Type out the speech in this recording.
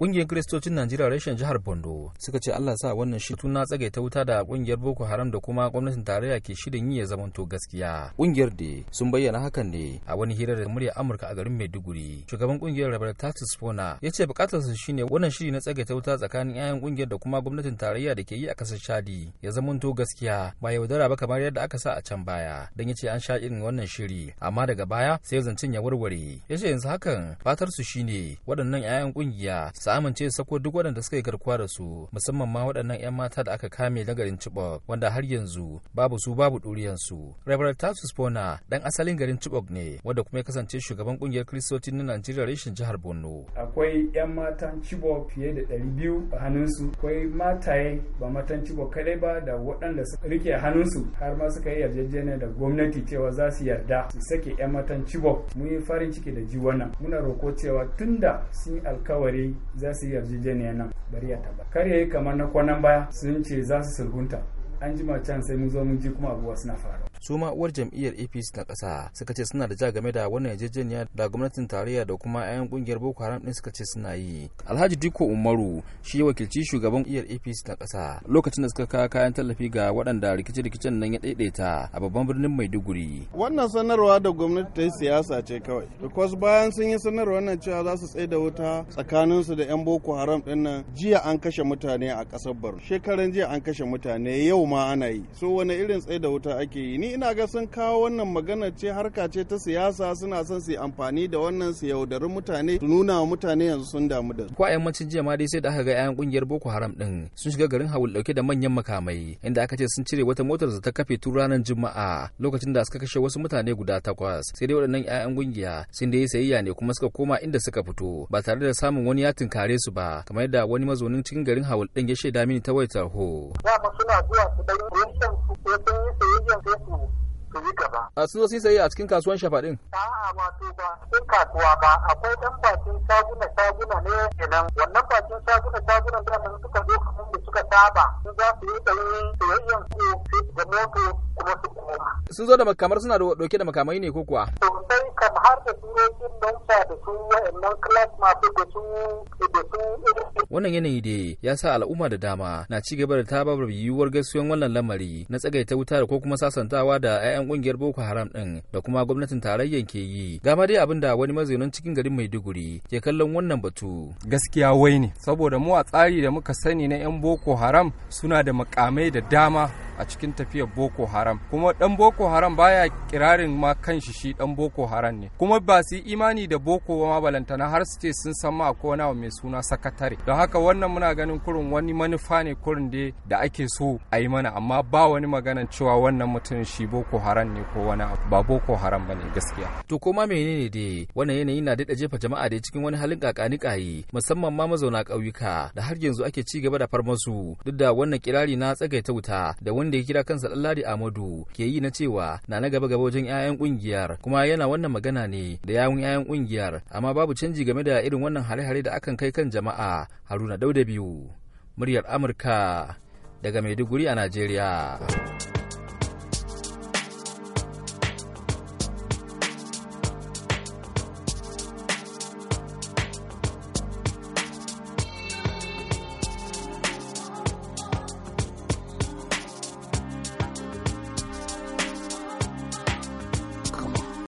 Ƙungiyar Kiristocin Najeriya reshen jihar Bondo suka ce Allah sa wannan shitu na tsage ta wuta da ƙungiyar Boko Haram da kuma gwamnatin tarayya ke shirin yi ya zamanto gaskiya. Ƙungiyar da sun bayyana hakan ne a wani hirar da murya Amurka a garin Maiduguri. Shugaban ƙungiyar rabar Tatis Fona ya ce su shine wannan shiri na tsage ta wuta tsakanin 'ya'yan ƙungiyar da kuma gwamnatin tarayya da ke yi a ƙasar Shadi ya zamanto gaskiya ba yaudara ba kamar yadda aka sa a can baya. Dan ya ce an sha irin wannan shiri amma daga baya sai zancen ya warware. Ya ce yanzu hakan fatar su shine waɗannan 'ya'yan ƙungiya su amince su sako duk waɗanda suka yi garkuwa da su musamman ma waɗannan 'yan mata da aka kame na garin Chibok wanda har yanzu babu su babu ɗuriyansu. Reverend Tatus Bona ɗan asalin garin Chibok ne wanda kuma ya kasance shugaban ƙungiyar Kiristocin na Najeriya rashin jihar Borno. Akwai 'yan matan Chibok fiye da ɗari biyu a hannunsu. Akwai mataye ba matan Chibok kaɗai ba da waɗanda suka rike hannunsu har ma suka yi yarjejeniya da gwamnati cewa za su yarda su sake 'yan matan Chibok. Mun yi farin ciki da ji wannan. Muna roko cewa tunda sun yi alkawari za su yi yarjejeniya nan bari ya taba kar ya yi kamar na kwanan baya sun ce za su sulhunta an jima can sai mun zo mun ji kuma abubuwa suna faruwa su ma uwar jam'iyyar apc na ƙasa suka ce suna da ja game da wannan yarjejeniya da gwamnatin tarayya da kuma 'ya'yan ƙungiyar boko haram ɗin suka ce suna yi alhaji diko umaru shi ya wakilci shugaban iyar apc na ƙasa lokacin da suka kawo kayan tallafi ga waɗanda rikice-rikicen nan ya ɗaiɗaita a babban birnin maiduguri wannan sanarwa da gwamnati ta yi siyasa ce kawai because bayan sun yi sanarwa nan cewa za su tsaye da wuta tsakaninsu da 'yan boko haram ɗin nan jiya an kashe mutane a ƙasar borno shekaran jiya an kashe mutane yau ma ana yi so wani irin tsaye da wuta ake yi ni ina ga sun kawo wannan magana ce harka ce ta siyasa suna son su amfani da wannan su yaudari mutane su nuna wa mutane yanzu sun damu da su ko a yammacin jiya ma dai sai da aka ga yayan kungiyar boko haram din sun shiga garin hawul dauke da manyan makamai inda aka ce sun cire wata motar da ta kafe tun ranar juma'a lokacin da suka kashe wasu mutane guda takwas sai dai waɗannan yayan kungiya sun dai sayayya ne kuma suka koma inda suka fito ba tare da samun wani ya tunkare su ba kamar yadda wani mazaunin cikin garin hawul din ya shaida mini ta wayar tarho suna zuwa su a sun sun saye a cikin kasuwan shafaɗin. din a'a wato ba cikin kasuwa ba akwai ɗan bakin shaguna shaguna ne kenan wannan bakin shaguna shaguna da mun suka zo kamar da suka saba sun za su yi tsayin tsayayyen su da moto kuma su koma sun zo da makamar suna dauke da makamai ne ko kuwa sosai harkar turokin don da su wa'annan klas masu da su da su wannan yanayi da ya sa al'umma da dama na ci gaba da tababar yiwuwar gaskiyan wannan lamari na tsagaita wuta da ko kuma sasantawa da 'ya'yan kungiyar boko haram din da kuma gwamnatin tarayyan ke yi gama dai abin da wani mazaunin cikin garin maiduguri ke kallon wannan batu gaskiya wai ne saboda mu a tsari da muka sani na 'yan boko haram suna da makamai da dama a cikin tafiyar boko haram kuma dan boko haram baya kirarin ma kanshi shi dan boko haram ne kuma ba su yi imani da boko ma balantana har su ce sun san ma ko wani mai suna sakatare don haka wannan muna ganin kurin wani manufa ne kurin dai da ake so a yi mana amma ba wani maganan cewa wannan mutum shi boko haram ne ko wani ba boko haram bane gaskiya to kuma menene dai wannan yanayi na daɗa jefa jama'a da cikin wani halin kakanikaye musamman ma mazauna ƙauyuka da har yanzu ake ci gaba da farmasu duk da wannan kirari na tsagaita wuta da wani da ya kira kansa ladi Amadu ke yi na cewa na na gaba gaba wajen 'ya'yan kungiyar kuma yana wannan magana ne da yawun 'ya'yan kungiyar amma babu canji game da irin wannan hare-hare da akan kai kan jama'a Haruna Dauda biyu muryar Amurka daga Maiduguri a Najeriya.